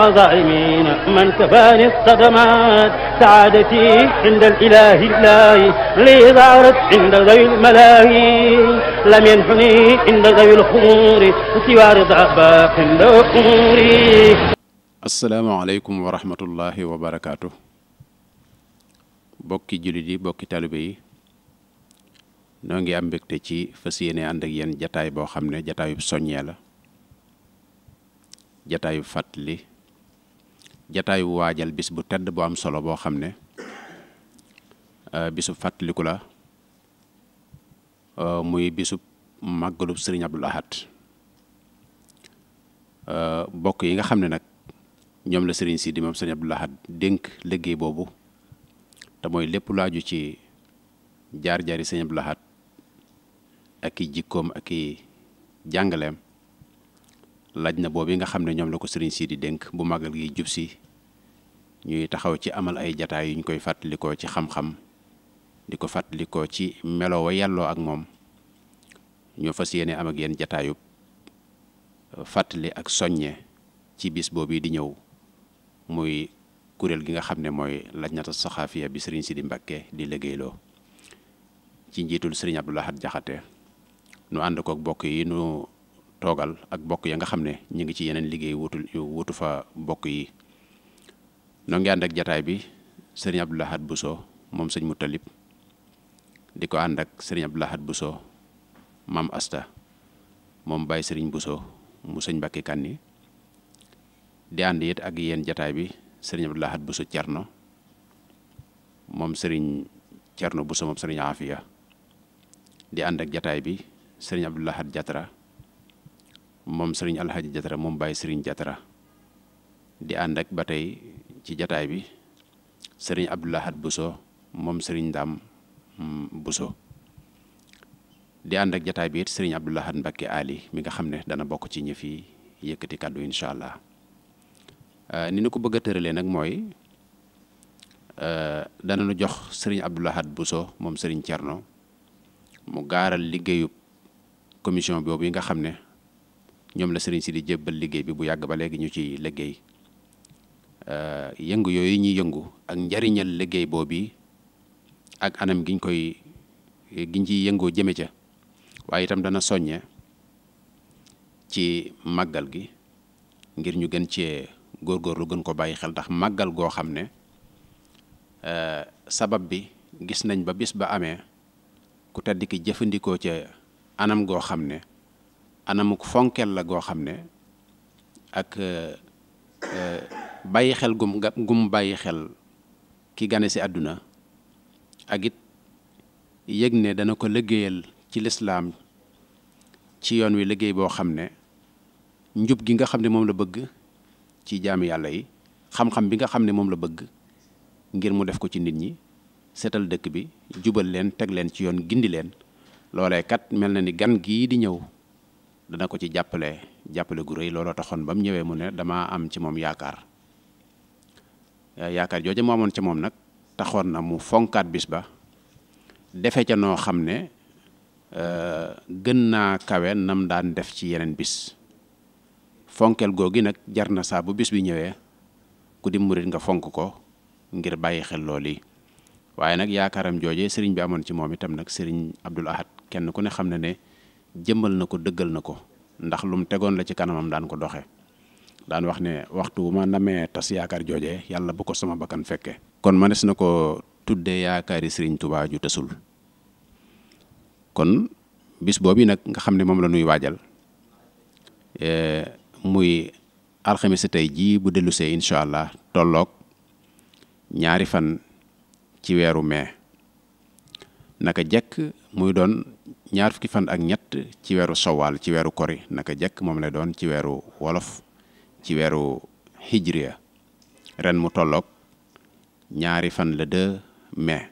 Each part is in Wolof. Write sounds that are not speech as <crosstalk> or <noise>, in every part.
والظالمين من كفاني الصدمات سعادتي عند الإله الله لي ظهرت عند ذوي الملاهي لم ينحني عند ذوي الخمور سوى رضا باق أموري asalaamaaleykum wa rahmatullahi wa barakaatu bokki jullit yi bokki talibe yi noo ngi am mbégte ci fas yéene ànd ak yéen jataay boo xam ne jataayu soññee la jataayu fàttali jataay waajal bis bu tedd bu am solo boo xam ne euh, bisu fàttaliku la euh, muy bisu màggalub sëriñ Abdul Ahad euh, bokk yi nga xam ne nag ñoom la sëriñ si di moom sëriñ Abdul Ahad dénk liggéey boobu te mooy lépp laaju ci jaar-jaari sëriñ Abdul Ahad ak i jikkoom ak i jàngaleem laaj na boobu nga xam ne ñoom la ko sëriñ si di dénk bu màggal gi jub si ñuy taxaw ci amal ay jataay yuñ koy fàttalikoo ci xam-xam di ko fàttalikoo ci melo yàlloo ak moom ñoo fas yéene am ak yéen jataayub fàttali ak soññe ci bis boobu di ñëw muy kuréel gi nga xam ne mooy lajnatu saxaafiya bi sëriñ Sidi Mbakke di liggéeyloo ci njiitul sëriñ Abdou Lahad Jaxate nu ànd kook bokk yi nu toogal ak bokk ya nga xam ne ñu ngi ci yeneen liggéey wutul yu wutu fa bokk yi noo ànd ak jataay bi sëriñ Abdou Lahad Bousso moom sëñ Moutalib di ko ànd ak sëriñ Abdou Lahad Bousso maam Asta moom Baye sëriñ Bousso mu sëñ Mbàkke Kanni di ànd it ak yéen jataay bi sëriñ Abdou Lahad Bousso Cerno moom sëriñ Cerno Bousso moom sëriñ Afia di ànd ak jataay bi sëriñ Abdou Lahad Jatra moom sëriñ alxaaji jatara moom bàyyi sëriñ jatara di ànd ak ba tey ci jataay bi sëriñ abdoulahat buso moom sëriñ ndaam buso di ànd ak jataay bi it sëriñ abdoulahat mbakke ali mi nga xam ne dana bokk ci ñi fi yëkkati kàddu incha allah euh, ni ñu ko bëgg a tëralee nag mooy euh, dana nu jox sëriñ abdoulahat buso moom sëriñ cerno mu gaaral liggéeyu commission boobu yi nga xam ne ñoom la sëriñ si di jébbal liggéey bi bu yàgg ba léegi ñu ci liggéey euh, yëngu yooyu ñuy yëngu ak njariñal liggéey boobu ak anam giñ koy giñ ciy yëngoo jëme ca waaye itam dana soññe ci màggal gi ngir ñu gën cee góorgóorlu gën ko bàyyi xel ndax màggal goo xam ne euh, sabab bi gis nañ ba bis ba amee ku tedd jëfandikoo ca anam goo xam ne anamuk fonkeel la goo xam ne ak euh, euh, bàyyi xel gum gum bàyyi xel ki gane si àdduna ak it yëg ne dana ko liggéeyal ci lislaam ci yoon wi liggéey boo xam ne njub gi nga xam ne moom la bëgg ci jaam yàlla yi xam-xam bi nga xam ne moom la bëgg ngir mu def ko ci nit ñi seetal dëkk bi jubal leen teg leen ci yoon gindi leen loolee mel na ni gan gii di ñëw dana ko ci jàppale jàppale gu rëy looloo taxoon ba mu ñëwee mu ne damaa am ci moom yaakaar yaakaar jooju mu amoon ci moom nag taxoon na mu fonkaat bis ba defe ca noo xam ne eh, gën naa kawe nam daan def ci yeneen bis fonkel googi nag jar na saa bu bis bi ñëwee ku di murit nga fonk ko ngir bàyyi xel lool yi waaye nag yaakaaram jooje sëriñ bi amoon ci moom itam nag sëriñ Abdul Ahad kenn ku ne xam ne ne jëmmal na ko dëggal na ko ndax lu mu tegoon la ci kanamam daan ko doxe daan wax ne waxtu wu ma namee tas yaakaar jooje yàlla bu ko sama bakkan fekkee. kon ma mënees na ko tuddee yaakaari Serigne Touba ju tasul kon bis boobu nag nga xam ne moom la nuy waajal e, muy alxames tey jii bu dellusee incha allah tollook ñaari fan ci weeru mai naka jekk muy doon ñaar fukki fan ak ñett ci weeru sowaal ci weeru kori naka jekk moom lay doon ci weeru wolof ci weeru hijriya ren mu tolloog ñaari fan la 2 mai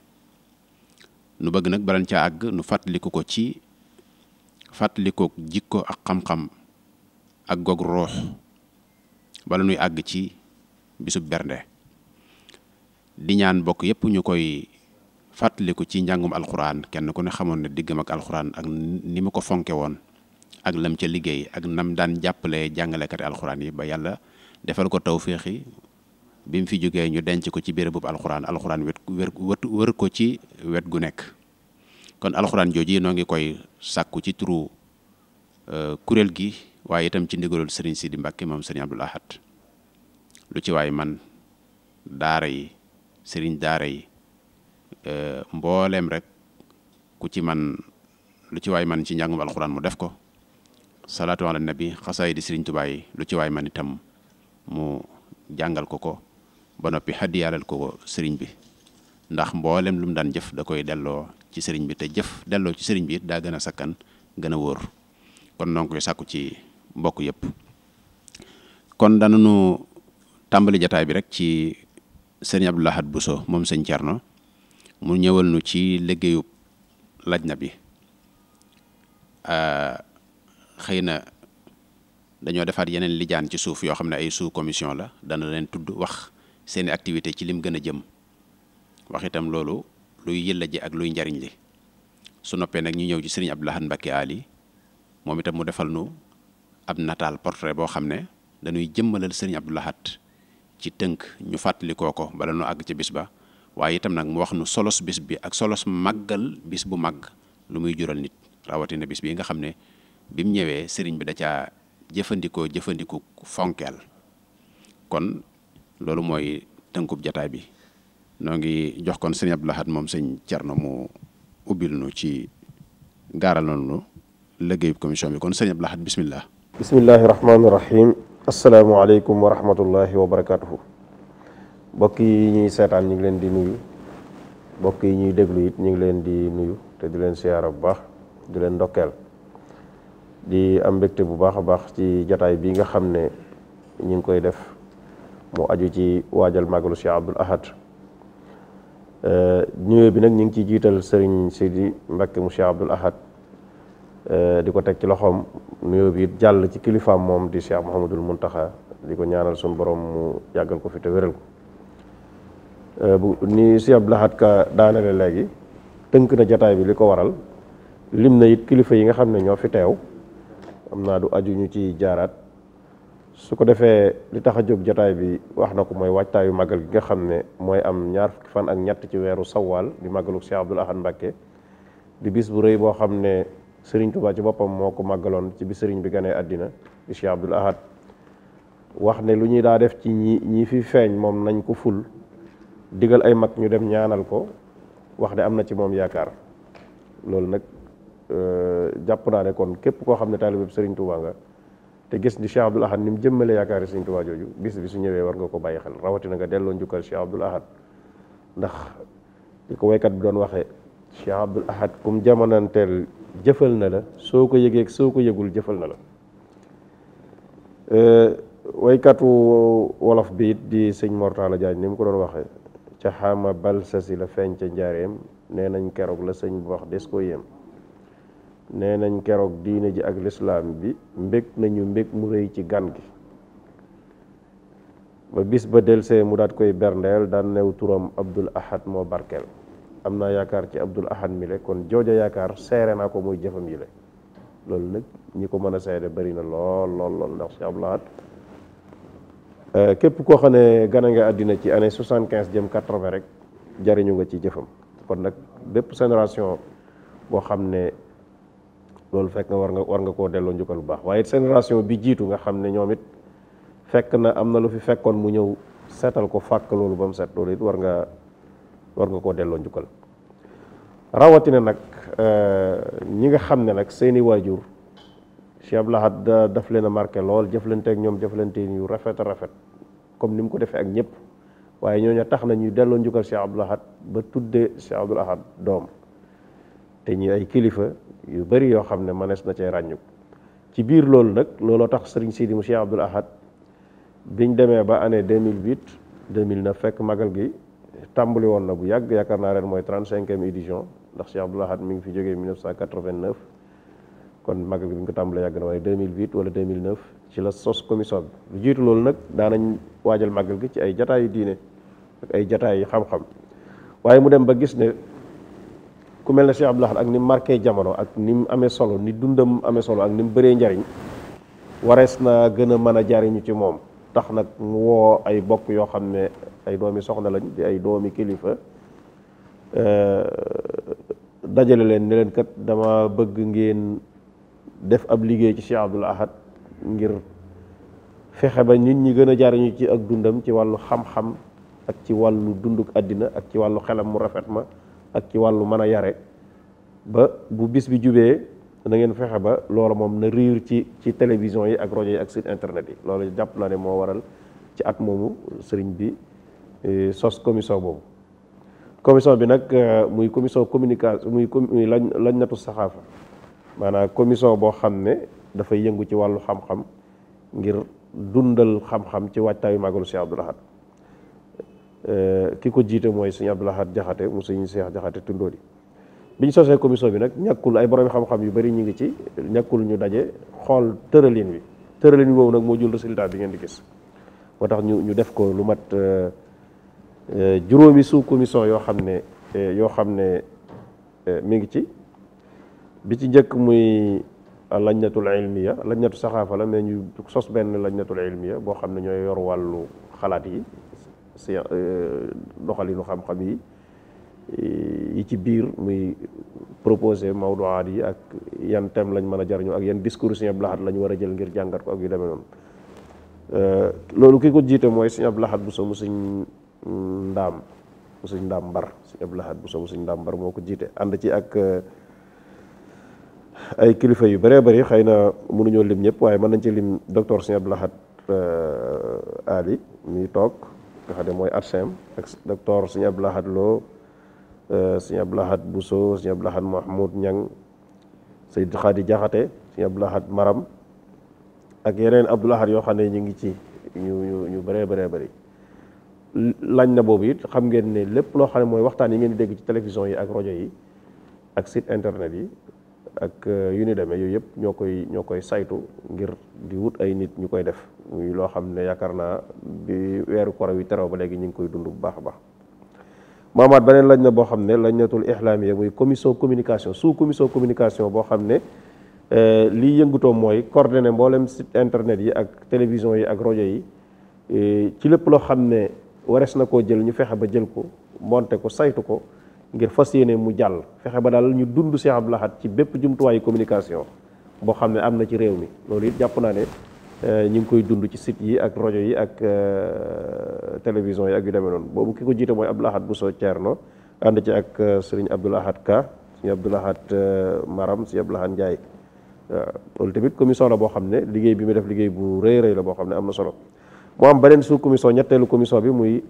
nu bëgg nag balan ca àgg nu fàttaliku ko ci fàttalikoo jikko ak xam-xam ak goog ruux bala nuy àgg ci bisub bernde di ñaan bokk yépp ñu koy fàttaliku ci njàngum alxuraan kenn ku ne xamoon na diggam ak alxuraan ak ni mu ko fonke woon ak lam ca liggéey ak nam daan jàppale jàngalekati alxuraan yi ba yàlla defal ko tawféexi bi mu fi jógee ñu denc ko ci béréb bu alxuraan alxuraan wet wër wër ko ci wet gu nekk kon alxuraan jooju noo ngi koy sàkku ci turu euh, kuréel gi waaye itam ci ndigalul sëriñ Sidi Mbàkke moom sëriñ Abdul Ahad lu ci waay man daara yi sëriñ daara yi Euh, mbooleem rek ku ci man lu ci waay man ci njàngum alxuraan mu def ko salaatu ala nabi xasaay di sëriñ Tuubaa lu ci waay man itam mu jàngal ko ko ba noppi xaddiyaalal ko ko sëriñ bi ndax mboolem lu mu daan jëf da koy delloo ci sëriñ bi te jëf delloo ci sëriñ bi daa gën a sakkan gën a wóor kon noo koy sàkku ci mbokk yépp kon nu tàmbali jataay bi rek ci sëriñ Abdou Lahad Bousso moom sëñ Thierno mu ñëwal nu ci liggéeyub na bi euh, xëy na dañoo defaat yeneen lijaan ci suuf yoo xam ne ay sous commission la dana leen tudd wax seeni activité ci lim gën a jëm waxitam loolu luy yëlla ji ak luy njariñ li su noppee nag ñu ñëw ci sëriñ Abdou Lahad Mbacké Ali moom itam mu defal nu ab nataal portrait boo xam ne dañuy jëmmalal sëriñ Abdou Lahad ci tënk ñu fàttali kooko bala nu àgg ci bis ba waaye itam nag mu wax nu solos bis bi ak solos màggal bis bu màgg lu muy jural nit rawatina bis bi nga xam ne bi mu ñëwee sëriñ bi da caa jëfandikoo jëfandiku fonkeel kon loolu mooy tënkub jataay bi noo ngi jox kon sëñ Abdou Lahad moom sëñ na mu ubbil nu ci gaaral noonu liggéeyu commission bi kon sëñ Abdou Lahad bismillah bismillahi rahmaani rahim asalaamaaleykum wa rahmatullahi wa barakatuhu mbokk yi ñuy seetaan ñu ngi leen di nuyu mbokk yi ñuy déglu it ñu ngi leen di nuyu te di leen siyaara bu baax di leen ndokkeel di am mbegte bu baax a baax ci jataay bii nga xam ne ñu ngi koy def mu aju ci waajal màggalu Cheikh Abdoul Ahad ñëwee euh, bi nag ñu ngi ciy jiital sëriñ Sidi Mbacké mu Cheikh Abdoul Ahad euh, di ko teg ci loxoom nuyoo bi it jàll ci kilifaam moom di Cheikh mun Mountakha di ko ñaanal sum borom mu yàggal ko fi te wéral ko Euh, bu ni si ab laxat ka daanale léegi tënk na jataay bi li ko waral lim na it kilifa yi nga xam ne ñoo fi teew am naa du aju ñu ci jaaraat su ko defee li tax a jóg jataay bi wax na ko mooy waajtaayu màggal gi nga xam ne mooy am ñaar fan ak ñett ci weeru sawaal di màggalu Cheikh Abdoul Ahad Mbacké di bis bu rëy boo xam ne sëriñ Touba ci boppam moo ko màggaloon ci bi sëriñ bi ganee àddina di Cheikh Abdoul Ahad wax ne lu ñuy daa def ci ñi ñii fi feeñ moom nañ ko ful digal ay mag ñu dem ñaanal ko wax de am na ci moom yaakaar loolu nag euh, jàpp naa ne kon képp koo xam ne taalibe Serigne Touba nga te gis ni Cheikh Abdoul Ahad ni mu jëmmale yaakaari Serigne Touba jooju bis bi su ñëwee war nga ko bàyyi xel rawatina nga delloo njukkal Cheikh Abdoul Ahad ndax di ko waykat bi doon waxee Cheikh Abdoul Ahad kum jamonanteel jëfal na la soo ko yëgee soo ko yëgul jëfal na la euh, woykatu wolof bi it di sëñ Mortala Diagne ni mu ko doon waxee ca xaama balsa si la feeñ ca njaareem nee nañ keroog la sëñ bu wax des ko yéem nee nañ keroog diine ji ak lislaam bi mbég nañu mbég mu rëy ci gan gi ba bis ba delsee mu daat koy berndeel daan new turam abdul ahad moo barkeel am naa yaakaar ci abdul ahad mi le kon jooja yaakaar seere naa ko muy jëfam yi le loolu nag ñi ko mën a seede bari na lool lool lool ndax si abdul ahad Euh, képp koo xam ne gane nga àddina ci année soixante quinze jëm quatre vingt rek jariñu nga ci jëfam kon nag bépp génération boo xam ne loolu fekk nga war nga war nga koo delloo njukkal bu baax waaye génération bi jiitu nga xam ne ñoom it fekk na am na lu fi fekkoon mu ñëw seetal ko fàkk loolu ba mu set loolu it war nga war nga koo delloo njukkal rawatina nag euh, ñi nga xam ne nag seeni waajur Cheikh Abdou Lahad daf leen a marqué lool jëflante ak ñoom jëflante yu rafet rafet comme ni mu ko defee ak ñëpp waaye ñoo ñooñu tax na ñuy delloo njukkal Cheikh Abdoul Ahad ba tudde Cheikh Abdoul Ahad doom te ñu ay kilifa yu bari yoo xam ne mënees na cee ràññu ci biir loolu nag looloo tax sëriñ Sidi mu Cheikh Abdoul Ahad biñ demee ba année fekk magal gi tàmbali woon na bu yàgg yaakaar naa ren mooy 35e édition ndax Cheikh Abdoul Ahad mi ngi fi jógee kon magal gi bi ñu ko tàmbalee yàgg na waaye 2008 wala 2009 ci la sos commission lu jiitu loolu nag daanañ waajal màggal gi ci ay jataayu diine ak ay jataayu xam-xam waaye mu dem ba gis ne ku mel ne Cheikh Abdou Lahad ak ni marqué jamono ak ni mu amee solo ni dundam amee solo ak ni mu bëree njariñ warees na gën a mën a jariñu ci moom tax nag mu woo ay bokk yoo xam ne ay doomi soxna lañ di ay doomi kilifa euh, dajale leen ne leen kat dama bëgg ngeen def ab liggéey ci Cheikh Abdou Lahad ngir fexe ba nit ñi gën a jariñu ci ak dundam ci wàllu xam-xam ak ci wàllu dunduk àddina ak ci wàllu xelam mu rafet ma ak ci wàllu mën a yare ba bu bis bi jubee na ngeen fexe ba loolu moom na riir ci ci télévision yi ak rajo yi ak site internet yi loolu jàpp naa ne moo waral ci at moomu sëriñ bi e, sos commission boobu commission bi nag e, muy commission communication muy lañ lañ natu saxaafa maanaa commission boo xam ne dafay yëngu ci wàllu xam-xam ngir dundal xam-xam ci waajtaayu màggalu Cheikh Abdoul euh, ki ko jiite mooy sëñ Abdoul Ahad Jaxate mu sëñ Cheikh Jaxate Tindóodi biñ sosee commission bi nag ñàkkul ay borom xam-xam yu bari ñu ngi ci ñàkkul ñu daje xool tëralin wi tëralin boobu nag moo jul résultat bi ngeen di gis moo tax ñu ñu def ko lu mat euh, euh, juróomi sous commission yoo xam ne yoo xam ne mi ngi ci bi ci njëkk muy lañ lajnatul lañ lajnatu saxaafa la mais ñu sos benn lajnatul ilmiya boo xam ne ñooy yor wàllu xalaat yi si euh, doxalinu xam-xam yi yi ci biir muy proposé mawduwaat yi ak yan thème lañ mën a jariñoo ak yan discours Sëñ Abdou Lahad la ñu war a jël ngir jàngat ko ak yu demee noonu euh, loolu ki ko jiite mooy Sëñ Abdou Lahad bu so mu Sëñ Ndaam mu Sëñ Ndaam Mbar Sëñ Abdou Lahad bu so mu Sëñ Ndaam Mbar moo ko jiite ànd ci ak euh, ay kilifa yu bëree bëri xëy na mënuñoo lim ñëpp waaye mën nañ ci lim docteur Sëñ Abdou Lahad euh, Ali mi toog nga xam mooy arcem ak docteur Sëñ Abdou Lahad Lo Sëñ euh, Abdou Lahad Bousso Sëñ Abdou Lahad Mahmoud Ñang Sëñ Xaadi Jaxate Sëñ Abdou Lahad Maram ak yeneen Abdou Lahad yoo xam ne ñu ngi ci ñu ñu ñu bëree bëree lañ na boobu it xam ngeen ne lépp loo xam ne mooy waxtaan yi ngeen di dégg ci télévision yi ak rajo yi ak site internet yi ak euh, yu ni demee yooyu yëpp ñoo koy ñoo koy saytu ngir di wut ay nit ñu koy def muy loo xam ne yaakaar naa bi weeru koro wi teroo ba léegi ñu ngi koy dund bu baax a baax maamaat beneen lañ na boo xam ne lañ natul ihlaamiya muy commission communication suu commission communication boo xam ne euh, lii yëngutoo mooy coordonné mboolem site internet yi ak télévision yi ak rajo yi euh, ci lépp loo xam ne warees na koo jël ñu fexe ba jël ko monte ko saytu ko ngir fas yéene mu jàll fexe ba daal ñu dund Cheikh Abdou Lahad ci bépp jumtuwaayu communication boo xam ne am na ci réew mi loolu it jàpp naa ne euh, ñu ngi koy dund ci site yi ak rajo yi ak euh, télévision yi ak yu demee noonu boobu ki ko jiite mooy Abdou Lahad Bousso Thierno ànd ci ak euh, sëriñ Abdou Lahad Ka sëriñ Abdou Lahad Maram sëriñ Abdou Lahad Ndiaye waaw loolu tamit commission la boo xam ne liggéey bi muy def liggéey bu rëy rëy la boo xam ne am na solo mu am beneen sous commission ñetteelu commission bi muy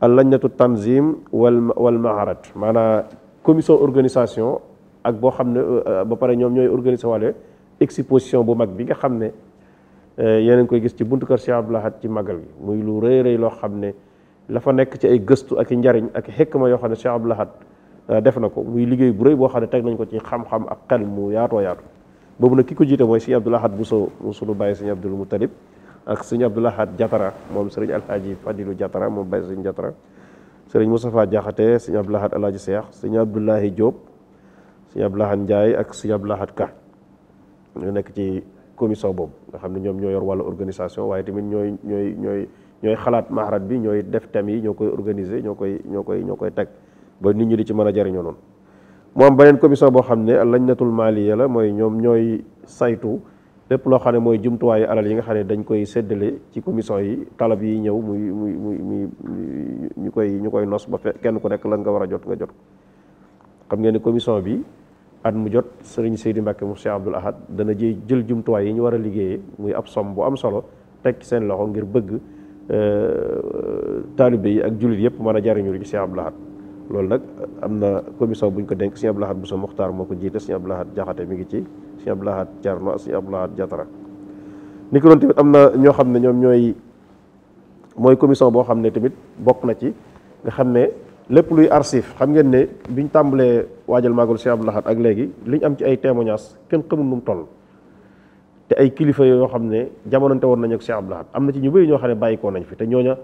al lajnatu tanzim wal wal maharat maanaam commission organisation ak boo xam ne euh, euh, ba pare ñoom ñooy organiser wàlle exposition bu mag bi nga xam ne euh, yeneen koy gis ci buntu kër Cheikh Abdou Lahad ci magal gi muy lu rëy rëy loo xam ne lafa nekk ci ay gëstu ak i njariñ ak xekma yoo xam ne Cheikh Abdou Lahad def na ko muy liggéey bu rëy boo xam ne teg nañ ko ci xam-xam ak xel mu yaatoo yaatu boobu nag ki ko jiite mooy Sëñ Abdou bu Bousso mu sunu bàyyi Sëñ mu Moutalib ak sëñ Abdou Lahad Jatara moom sëriñ Alhaji Fadilu Jatara moom bay sëñ Jatara sëriñ Moustapha Jaxate sëñ Abdou Lahad Alhaji Seex sëñ Abdoulahi Diop sëñ Abdou Lahad Ndiaye ak sëñ Abdou Ka ñu nekk ci commission boobu nga xam ne ñoom ñoo yor wàllu organisation waaye tamit ñooy ñooy ñooy ñooy xalaat mahrat bi ñooy def thèmes yi ñoo koy organiser ñoo koy ñoo koy ñoo koy teg ba nit ñi di ci mën a jariñoo noonu. moom beneen commission boo xam ne lañ natul maaliya la mooy ñoom ñooy saytu lépp loo xam ne mooy jumtuwaayu alal yi nga xam ne dañ koy séddale ci commission yi talab yi ñëw muy muy muy muy ñu koy ñu koy nos ba fe kenn ku nekk la nga war a jot nga jot xam ngeen ne commission bi at mu jot sëriñ Seydi Mbacke mu Cheikh Abdoul Ahad dana jëy jël jumtuwaay yi ñu war a liggéeyee muy ab somme bu am solo teg seen loxo ngir bëgg euh, taalibe yi ak jullit yëpp mën a jariñu ci Cheikh Abdoul Ahad loolu nag am na commission bu ñu ko dénk sëñ Abdou Lahad Bousso Muxtaar moo ko jiite sëñ Abdou Lahad Jaxate mi ngi ci sëñ Abdou Lahad Cerno sëñ Abdou Lahad Jatara ni ko doon tamit am na ñoo xam ne ñoom ñooy mooy commission boo xam ne tamit bokk na ci nga xam ne lépp luy archive xam ngeen ne biñ tàmbalee waajal màggalu sëñ Abdou Lahad ak léegi ñu am ci ay témoignages kenn xamul nu mu toll te ay kilifa yoo xam ne jamononte woon nañu ak sëñ Abdou Lahad am na ci ñu bëri ñoo xam ne bàyyikoo nañ fi te ñooña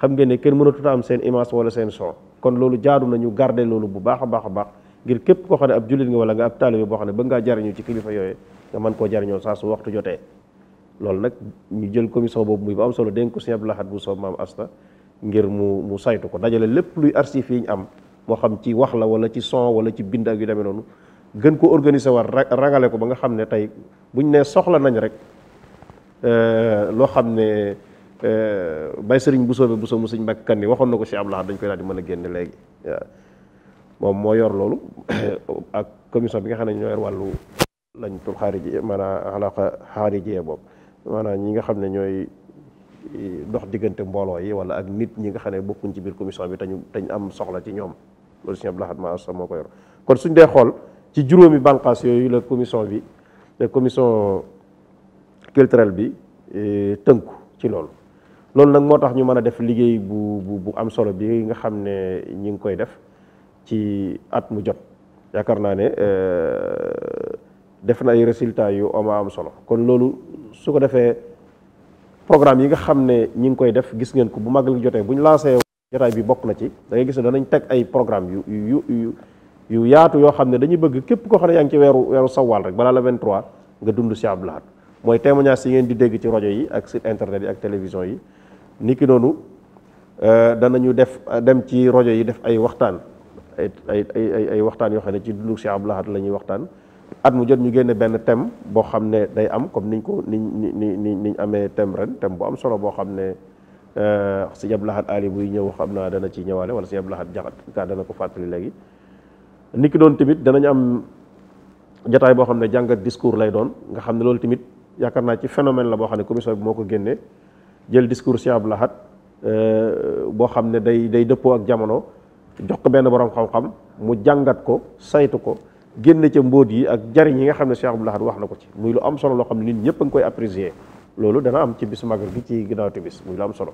xam ngeen ne kenn mënatut am seen image wala seen son kon loolu jaadu na ñu garder loolu bu baax a baax a baax ngir képp koo xam ne ab jullit nga wala nga ab taalibe boo xam ne bëgg ngaa jariñu ci kilifa yooyu nga mën koo jariñoo saa su loolu nag ñu jël commission boobu muy ba am solo dénk ko Sëñ Abdou Lahad bu soob maam asta ngir mu mu saytu ko dajale lépp luy archive yi ñu am moo xam ci wax la wala ci son wala ci bind ak yu demee noonu gën ko organiser war rangale ko ba nga xam ne tey buñ nee soxla nañ rek euh, loo xam ne Euh, bay sëriñ Bousso bi buso mu sëriñ Mbàkke Kanni waxoon na ko si Abdou Lahad dañ koy daal di mën a génne léegi moom moo yor loolu <coughs> ak commission bi nga xam ne ñoo yor wàllu lañ tul xaariji maanaam alaqa xaarijee boobu maanaam ñi nga xam ne ñooy dox diggante mbooloo yi wala ak nit ñi nga xam ne bokkuñ ci biir commission bi tañu tañ am soxla ci ñoom loolu Sëriñ Abdou Lahad ma sa moo ko yor kon suñ dee xool ci juróomi bànqaas yooyu la commission bi la commission culturelle bi euh, tënku ci loolu loolu nag moo tax ñu mën a def liggéey bu bu bu am solo bi nga xam ne ñi ngi koy def ci at mu jot yaakaar naa ne euh, def na ay résultats yu ama am solo kon loolu su ko defee programme yi nga xam ne ñi ngi koy def gis ngeen ko bu màggal jotee bu ñu lancé jotaay bi bokk na ci da ngay gis ne danañ teg ay programme yu yu yu yu yaatu yoo xam ne dañu bëgg képp ko xam ne yaa ngi ci weeru weeru sawaal rek balaa la 23 nga dund si Abdou Lahad mooy témoignage yi ngeen di dégg ci rajo yi ak site internet yi ak télévision yi niki noonu euh, danañu def dem ci rajo yi def ay waxtaan ay ay ay ay waxtaan yoo xam ne ci dundu Cheikh Abdou Lahad la ñuy waxtaan at mu jot ñu génne benn thème boo xam ne day am comme niñ ko niñ ni ni niñ amee thème ren thème bu am solo boo xam ne Sëñ euh, Abdou Lahad Ali buy ñëw xam naa dana ci ñëwaale wala Sëñ Abdou Lahad Jaxat ka dana ko fàttali léegi niki doon tamit danañ am jataay boo xam ne jàngat discours lay doon nga xam ne loolu tamit yaakaar naa ci phénomène la boo xam ne commission bi moo ko génnee jël discours Cheikh Abdou Lahad euh, boo xam ne day day dëppoo ak jamono jox ko benn borom xam-xam mu jàngat ko saytu ko génn ca mbóot yi ak jariñ yi nga xam ne Cheikh Abdou Lahad wax na ko ci muy lu am solo loo xam ne nit ñëpp a ngi koy apprécier loolu dana am ci bis magal gi ci ginnaaw tibis muy lu am solo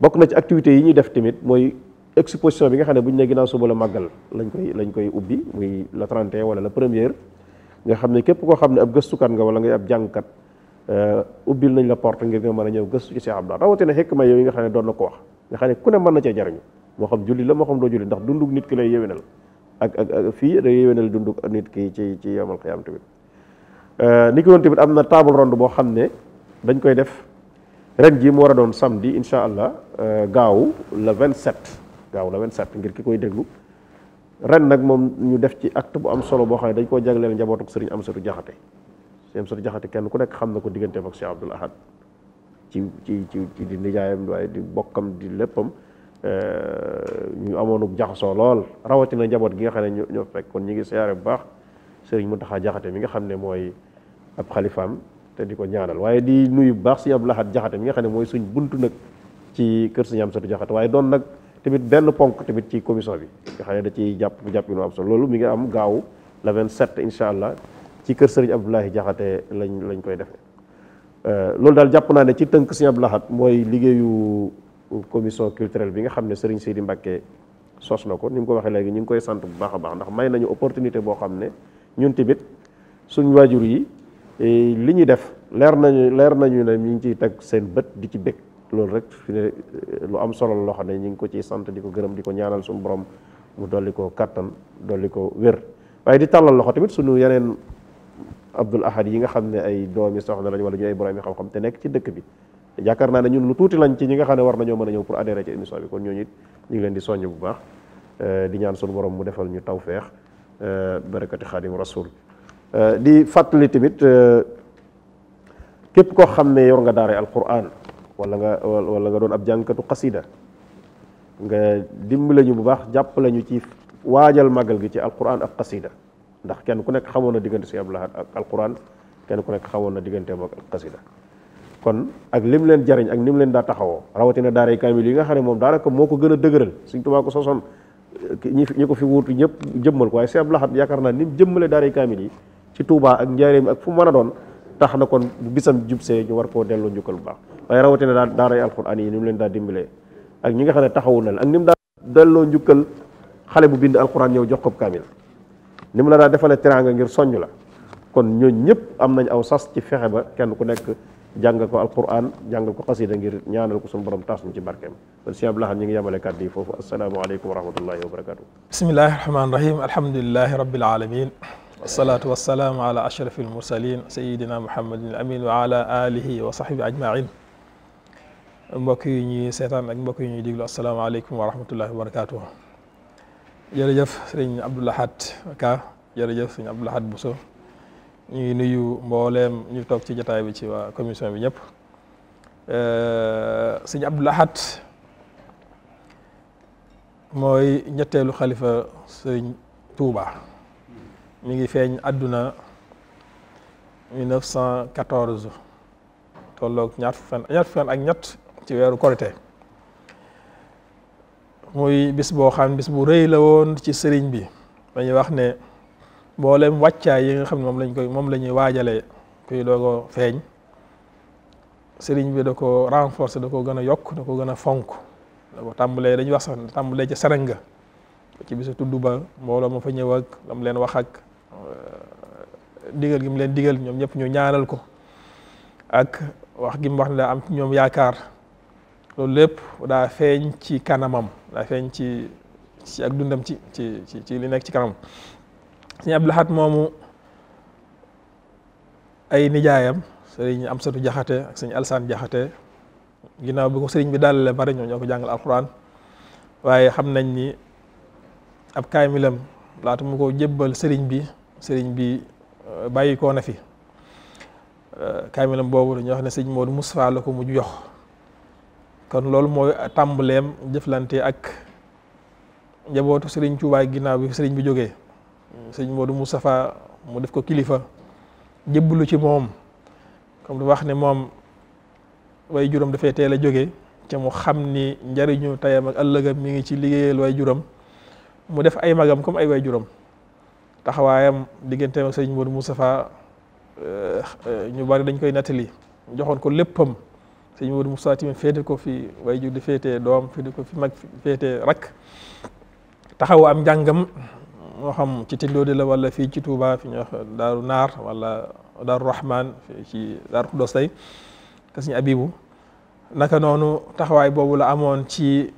bokk na ci activités yi ñuy def tamit mooy exposition bi nga xam ne bu ñu ne ginnaaw suba la màggal lañ koy lañ koy ubbi muy la 31 wala la première nga xam ne képp koo xam ne ab gëstukat nga wala ngay ab jàngkat Euh, ubbil nañ la porte ngir nga mën a ñëw gëstu ci Cheikh Abdoulaye rawatina xikma yow yi nga xam ne doon na ko wax nga xam ne ku ne mën na cee jariñu moo xam julli la moo xam doo julli ndax dundug nit ki lay yéwénal ak ak fii day yéwénal dundug nit ki ci ci yomal am tamit euh, ni ki doon tamit am na taabal rond boo xam ne dañ koy def ren jii mu war a doon samedi incha allah euh, gaaw le 27 gaaw le 27 ngir ki koy déglu ren nag moom ñu def ci acte bu am solo boo xam ne dañ koo jagleel njabootuk sëriñ Amsatu Jaxate sëñ Amsatu Jaxate kenn ku nekk xam na ko digganteem ak Cheikh Abdoul Ahad ci ci ci di nijaayam waaye di bokkam di léppam euh, ñu amoon jaxasoo lool rawatina njaboot gi nga xam ne ñoo fekk ñu ngi siyaare bu baax sëriñ Muntaxa Jaxate mi nga xam ne mooy ab xalifaam te di ko ñaanal waaye di nuyu bu baax sëñ ab Ahad Jaxate mi nga xam ne mooy suñ bunt nag ci kër sa Amsatu Jaxate waaye doon nag tamit benn ponk tamit ci commission bi nga xam ne da ciy jàpp bu jàpp yu am solo loolu mi ngi am gaaw le 27 incha allah. ci kër sëriñ Abdoulahi Jaxate lañ lañ koy defee euh, loolu daal jàpp naa ne ci tënk sëriñ Abdou Lahad mooy liggéeyu commission culturelle bi nga xam ne sëriñ Seydi Mbàkke sos na ko ni mu ko waxee léegi ñu ngi koy sant bu baax a baax ndax may nañu opportunité boo xam ne ñun tamit suñu waajur yi eh, li ñuy def leer nañu leer nañu ne ñu ngi ciy teg seen bët di ci bëgg loolu rek fi ne lu am solo loo xam ne ñu ngi ko ciy sant di ko gërëm di ko ñaanal suñu borom mu dolli ko kàttan dolli ko wér abdul ahad yi nga xam ne ay doomi soxna lañ wala ñu ay borom yi xam-xam te nekk ci dëkk bi yaakaar naa ne ñun lu tuuti lañ ci ñi nga xam ne war nañoo mën a ñëw pour adhérer ci émission bi kon ñooñu it ñu ngi leen di soññ bu baax euh, suñu borom mu defal ñu tawfeex euh, barakati xaadim rasul euh, di fàttali tamit képp koo xam ne yor nga daaray alquran wala nga wala nga doon ab jàngkatu xasida nga dimbale lañu bu baax jàpp lañu ci waajal màggal gi ci alquran ak xasida ndax kenn ku nekk xamoon na diggante si Abdou Lahad ak alquran kenn ku nekk xamoon na diggante ak xasida kon ak lim leen jariñ ak nim leen daa taxawoo rawatina daara yi kaamil yi nga ne moom daanaka moo ko gën a dëgëral Tuubaa ko fi wuutu ñëpp jëmmal ko waaye si Abdou yaakaar naa ni mu jëmmale daara yi kaamil yi ci Touba ak njaareem ak fu mën a doon tax na kon bu gisam jub see ñu war koo delloo njukkal bu baax waaye rawatina daa daara yi alquran yi ni leen daa dimbalee ak ñi nga xam ne taxawu na ak ni mu daa delloo njukkal xale bu bind alquran ñëw jox ko kaamil ni mu la daa defalee teraanga ngir soññ la kon ñooñ ñëpp am nañ aw sas ci fexe ba kenn ku nekk jàng ko alquran jàngal ko xasida ngir ñaanal ko suñu borom taas ñu ci barkeem kon si Abdou Lahad ñu ngi yemale kàddu yi foofu asalaamaaleykum wa rahmatullahi wa barakatu bismillahi rahmaani rahim alhamdulilahi rabbil alamin wasalaatu wasalaamu ala ashrafil mursalin sayidina muhammadin amin wa ala alihi wa sahbi ajmain mbokk yi ñuy seetaan ak mbokk yi ñuy diglu asalaamaaleykum wa rahmatullahi wa barakatuh jërëjëf sëriñ Abdou Lahad Ka jërëjëf sëriñ Abdou Lahad Bousso ñu ngi nuyu mbooleem ñu toog ci jataay bi ci waa commission bi ñëpp euh, sëriñ Abdou Lahad mooy ñetteelu xalifa sëriñ Touba mi ngi feeñ àdduna 1914 tolloog ñaar fan ñaar fan ak ñett ci weeru Korité muy bis boo xam bis bu rëy la woon ci sëriñ bi dañuy wax ne mboolem wàccaay yi nga xam ne moom lañ koy moom la waajalee kuy doog feeñ sëriñ bi da ko renforcer da ko gën a yokk da ko gën a fonk da ko tàmbalee dañuy wax sax tàmbulee ci saranga ci bisu tudd ba mbooloo mu fa ñëw ak lam leen wax ak euh, digal gi mu leen digal ñoom ñëpp ñu ñaanal ko ak wax gi mu wax ne daa am ñoom yaakaar loolu lépp daa feeñ ci kanamam feeñ ci ci ci ci ci ci li nekk ci kanam sëñ moomu ay nijaayam sëriñ Amsatu Jaxate sëñ Alsaan Jaxate ginnaaw bi ko sëriñ bi daalalee bare ñoo ko jàngal alxuraan waaye xam nañ ni ab kaamilam laatumu ko jébbal sëriñ bi sëriñ bi bàyyi koo na fi kaamilam boobu dañuy wax ne sëñ Moodu Mustafaa la ko mujj jox kon loolu mooy tàmbaleem jëflante ak njabootu Serigne Touba ginnaaw bi Serigne bu jógee hmm. Serigne Modou Moustapha mu def ko kilifa jébbalu ci moom comme du wax ne moom way juróom dafay teel a jóge te mu xam ni njariñu tayam ak ëllëgam mi ngi ci liggéeyal way juróom mu def ay magam comme ay way juróom taxawaayam digganteem ak Serigne Modou Moustapha euh, euh, ñu bari dañ koy nattali joxoon ko léppam. sëñ Modou Moussa tamit féete ko fi waajur di féete doom féete ko fi mag féete rakk taxaw am njàngam moo xam ci Tindodi la wala fii ci Touba fi ñuy Daaru Naar wala Daaru Rahman ci Daaru Xudos tey ka Abibu naka noonu taxawaay boobu la amoon ci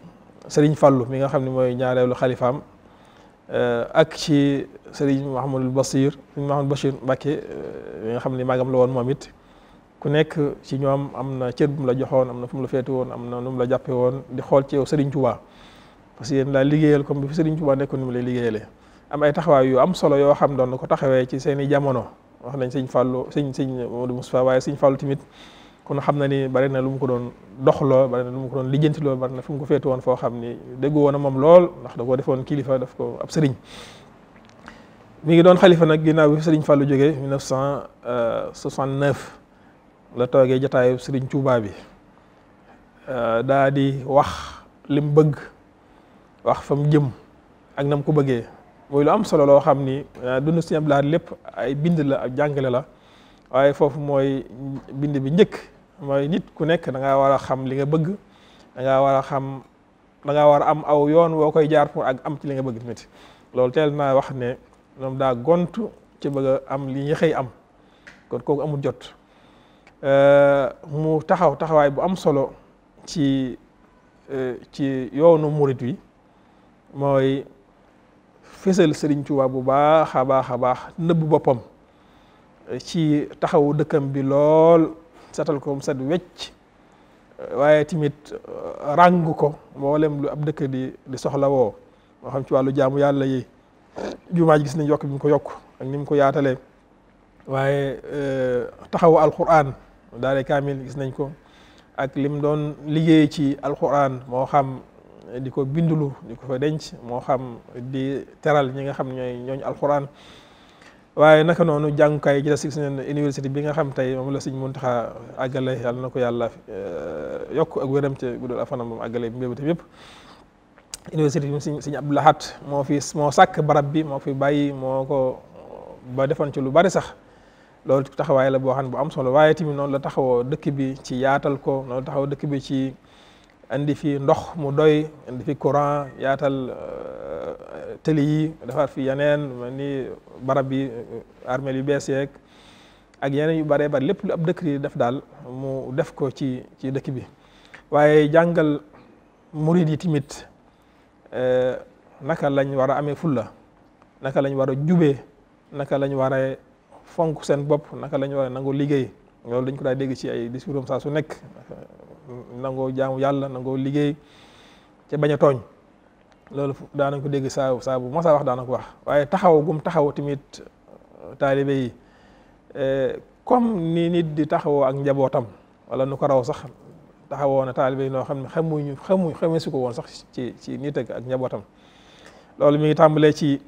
Serigne fallu mi nga xam ne mooy ñaareelu xalifaam eh, ak ci Serigne Mahamadul Basir Serigne Mahamadul Bachir eh, nga xam ne magam la woon moom it ku nekk ci ñoom am na cër bu mu la joxoon am na fu mu la féete woon am na lu mu la jàppee woon di xool ci yow Serigne Touba parce que yéen laa liggéeyal comme bi fi Serigne Touba nekkoon ni mu lay liggéeyalee am ay taxawaay yu am solo yoo xam doon na ko taxawee ci seen jamono wax nañ sëñ Fallou sëñ sëñ Modou Moustapha waaye sëñ tamit kon xam na ni bari na lu mu ko doon doxloo bare na lu mu ko doon lijjanti loo bari na fu mu ko féete woon foo xam ni déggu woon a moom lool ndax da koo defoon kilifa def ko ab sëriñ mi ngi doon xalifa nag ginnaaw bi fi Serigne Fallou jógee 1969 la toogee jataayu Sëriñ Tuubaa bi euh, daa di wax lim bëgg wax fam jëm ak nam ko bëggee mooy lu am solo loo xam ni euh, dund Sëriñ Abdul Ahad lépp ay bind la ak jàngale la waaye foofu mooy bind bi njëkk mooy nit ku nekk danga war a xam li nga bëgg da war a xam da war a am aw yoon woo koy jaar pour ak am ci li nga bëgg tamit loolu teel naa wax ne moom daa gont ci bëgg am li ñu xëy am kon kooku amul jot Euh, mu taxaw taxawaay bu am solo ci euh, ci yoonu murit wi mooy fésal Sëriñ Tuubaa bu baax a baax a baax nëbb boppam ci taxawu dëkkam bi lool satal ko mu set wecc waaye tamit euh, ràng ko mboolem lu ab dëkk di di soxla woo moo xam ci wàllu jaamu yàlla yi jumaa ji gis nañ yokk bi mu ko yokk ak ni mu ko yaatalee waaye taxawu alquran daare kaamil gis nañ ko ak lim doon liggéey ci alquran moo xam di ko bindulu di ko fa denc moo xam di teral ñi nga xam ñooy ñooñ alquran waaye naka noonu jàngukaay yi ci des gis nañ université bi nga xam tey moom la Sëñ Muntaxa àggale ko yàlla eh, yokk ak wéram ci guddal afanam moom àggale mbébétam yëpp moo fi moo sàkk barab bi moo fi bàyyi moo ko ba defoon ci lu bari sax loolu taxawaay la boo xam ne bu am solo waaye tamit noonu la taxawoo dëkk bi ci yaatal ko noonu la taxawoo dëkk bi ci indi fi ndox mu doy indi fi courant yaatal euh, tëli yi defar fi yeneen mel ni barab yi armel yu bees yeek ak yeneen yu baree bari lépp lu ab dëkk di def daal mu def ko ci ci dëkk bi waaye jàngal murid yi tamit euh, naka lañ war a amee fulla naka lañ war a jubee naka lañ war fonk seen bopp naka la ñu war a liggéey loolu dañ ko daa dégg ci ay discours saa su nekk nangoo jaamu yàlla nangoo liggéey ca bañ a tooñ loolu daanañ ko dégg saa saa bu mosaa wax daana ko wax waaye taxaw gum taxaw tamit euh, taalibe yi euh, comme ni nit di taxawoo ak njabootam wala nu ko raw sax taxawoo na taalibe yi noo xam ne xamuñu xamu xamee si ko woon sax ci ci nit ak njabootam loolu mi ngi tàmbalee ci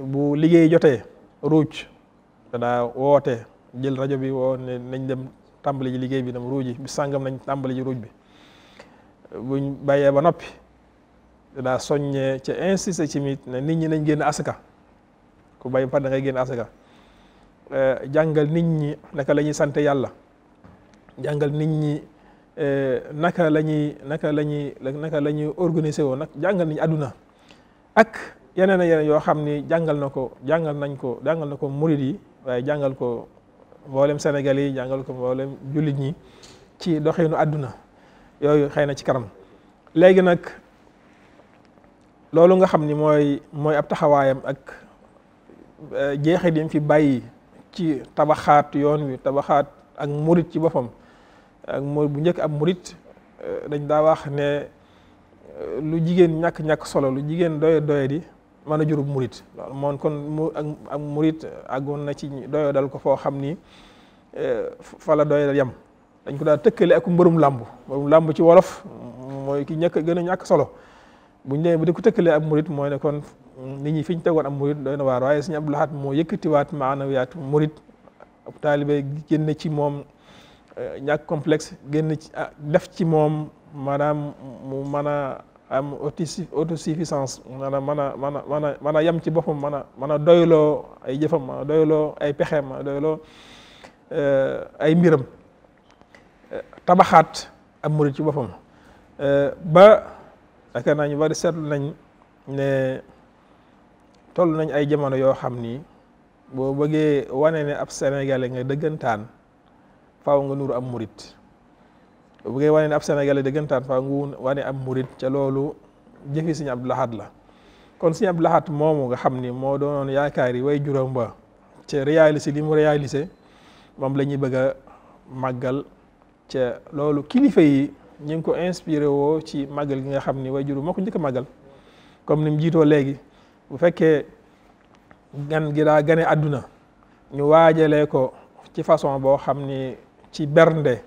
bu liggéey jotee ruuj danaa woote jël rajo bi woo ne nañ dem tàmbali ji liggéey bi nam ruuji bi sàngam nañ tàmbali ji ruuj bi buñ bàyyee ba noppi danaa soññee ci insisté ci mit ne nit ñi nañ génn asaka ku bay par da génn asaka eh, jàngal nit ñi naka la ñuy sant yàlla jàngal nit ñi eh, naka la ñuy naka la naka la ñuy organiser woo nag jàngal nit ñi ak yeneen a yeneen yoo xam ni jàngal na ko jàngal nañ ko jàngal na ko murid yi waaye jàngal ko mboolem Sénégal yi jàngal ko mboolem jullit ñi ci doxinu àdduna yooyu xëy na ci kanam léegi nag loolu nga xam ni mooy mooy ab taxawaayam ak eh, jeexit yi fi bàyyi ci tabaxaat yoon wi tabaxaat ak murit ci boppam ak murit bu njëkk ab murit eh, dañ daa wax ne eh, lu jigéen ñàkk-ñàkk solo lu jigéen doye doye di mën a jurub murit loolu kon mu ak murit àggoon na ci doyo dal ko foo xam ni eh, fa la doyo dañ ko daal tëkkale ak mbërum làmb mbërum làmb ci wolof mooy ki ñëkk gën a ñàkk solo buñ demee bu di ko tëkkalee ak murit mooy ne kon nit ñi fiñ te tegoon am murit doy na waar waaye suñu Abdul Ahad moo yëkkatiwaat maanawiyaat murit ab taalibe génn ci moom eh, ñàkk complex génn ci ah, def ci moom maanaam mu am autosuffisance maanaam mën a mën a mën a mën a yem ci boppam mën a mën a doyloo ay jëfam mën a doyloo ay pexeem mën a euh, ay mbiram euh, tabaxaat am murid ci boppam euh, ba yaakaar naa ñu bari seetlu nañ ne toll nañ ay jamono yoo xam ni boo bëggee wane ne ab Sénégalais nga dëggantaan faw nga nuru am murit bu koy wane ne ab Sénégalais dëggantaan faa ngu wane ab murit ca loolu jëfi Sëñ Abdou Lahad la kon Sëñ Abdou Lahad moomu nga xam ni moo doonoon yaakaar yi way juróom ba ca réaliser li mu réaliser moom la ñuy bëgg a màggal ca loolu kilifa yi ñu ngi ko inspiré woo ci màggal gi nga xam ni way juróom moo ko njëkk a màggal comme ni jiitoo léegi bu fekkee gan gi daa gane àdduna ñu waajalee ko ci façon boo xam ni ci bernde